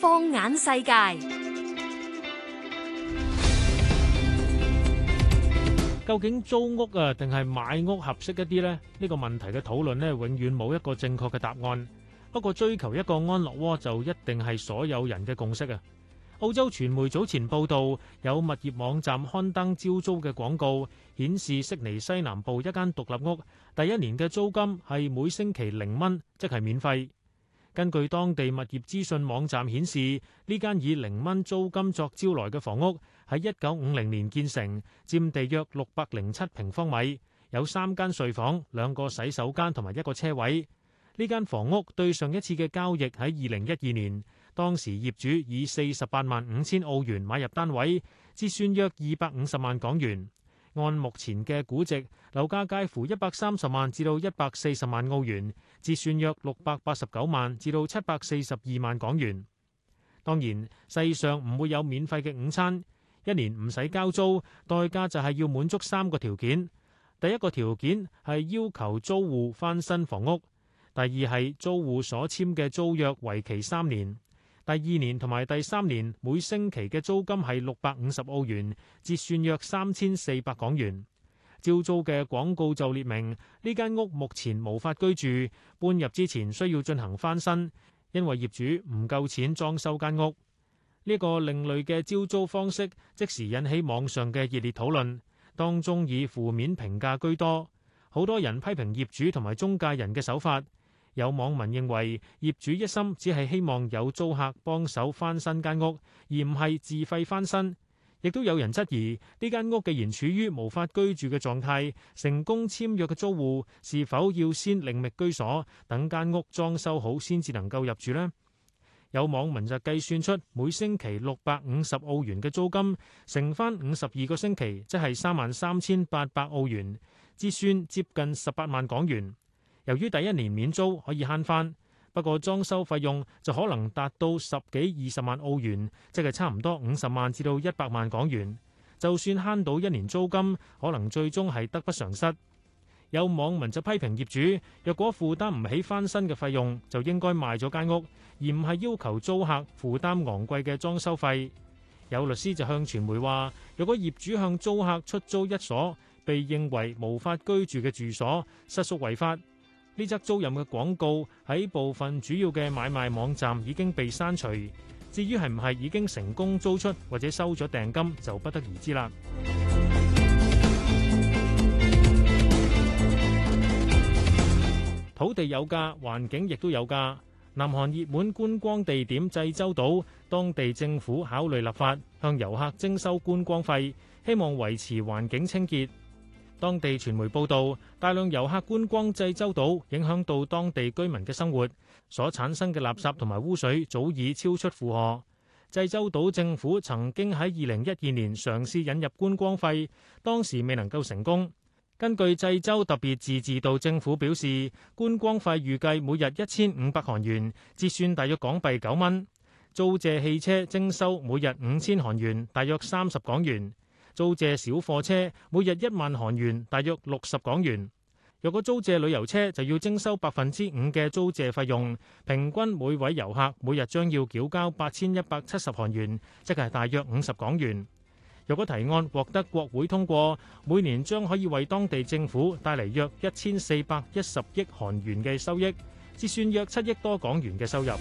放眼世界，究竟租屋啊定係買屋合適一啲呢？呢、呢個問題嘅討論呢，永遠冇一個正確嘅答案。不過追求一個安樂窩就一定係所有人嘅共識啊！澳洲傳媒早前報導，有物業網站刊登招租嘅廣告，顯示悉尼西南部一間獨立屋，第一年嘅租金係每星期零蚊，即係免費。根據當地物業資訊網站顯示，呢間以零蚊租金作招來嘅房屋，喺一九五零年建成，佔地約六百零七平方米，有三間睡房、兩個洗手間同埋一個車位。呢間房屋對上一次嘅交易喺二零一二年。當時業主以四十八萬五千澳元買入單位，折算約二百五十萬港元。按目前嘅估值，樓價介乎一百三十萬至到一百四十萬澳元，折算約六百八十九萬至到七百四十二萬港元。當然，世上唔會有免費嘅午餐，一年唔使交租，代價就係要滿足三個條件。第一個條件係要求租戶翻新房屋，第二係租戶所簽嘅租約為期三年。第二年同埋第三年每星期嘅租金係六百五十澳元，折算約三千四百港元。招租嘅廣告就列明呢間屋目前無法居住，搬入之前需要進行翻新，因為業主唔夠錢裝修間屋。呢個另類嘅招租方式即時引起網上嘅熱烈討論，當中以負面評價居多，好多人批評業主同埋中介人嘅手法。有網民認為業主一心只係希望有租客幫手翻新間屋，而唔係自費翻新。亦都有人質疑呢間屋既然處於無法居住嘅狀態，成功簽約嘅租戶是否要先另覓居所，等間屋裝修好先至能夠入住呢？有網民就計算出每星期六百五十澳元嘅租金，乘返五十二個星期，即係三萬三千八百澳元，折算接近十八萬港元。由於第一年免租可以慳翻，不過裝修費用就可能達到十幾二十萬澳元，即係差唔多五十萬至到一百萬港元。就算慳到一年租金，可能最終係得不償失。有網民就批評業主，若果負擔唔起翻新嘅費用，就應該賣咗間屋，而唔係要求租客負擔昂貴嘅裝修費。有律師就向傳媒話，若果業主向租客出租一所被認為無法居住嘅住所，實屬違法。呢則租賃嘅廣告喺部分主要嘅買賣網站已經被刪除。至於係唔係已經成功租出或者收咗訂金，就不得而知啦。土地有價，環境亦都有價。南韓熱門觀光地點濟州島，當地政府考慮立法向遊客徵收觀光費，希望維持環境清潔。當地傳媒報導，大量遊客觀光濟州島，影響到當地居民嘅生活，所產生嘅垃圾同埋污水早已超出負荷。濟州島政府曾經喺二零一二年嘗試引入觀光費，當時未能夠成功。根據濟州特別自治道政府表示，觀光費預計每日一千五百韓元，折算大約港幣九蚊；租借汽車徵收每日五千韓元，大約三十港元。租借小貨車每日一萬韓元，大約六十港元。若果租借旅遊車，就要徵收百分之五嘅租借費用，平均每位遊客每日將要繳交八千一百七十韓元，即係大約五十港元。若果提案獲得國會通過，每年將可以為當地政府帶嚟約一千四百一十億韓元嘅收益，折算約七億多港元嘅收入。